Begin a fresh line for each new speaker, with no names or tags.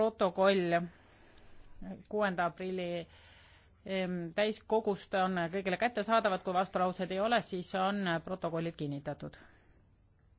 protokoll kuuenda aprilli ehm, täiskogust on kõigile kättesaadavad, kui vastulauseid ei ole, siis on protokollid kinnitatud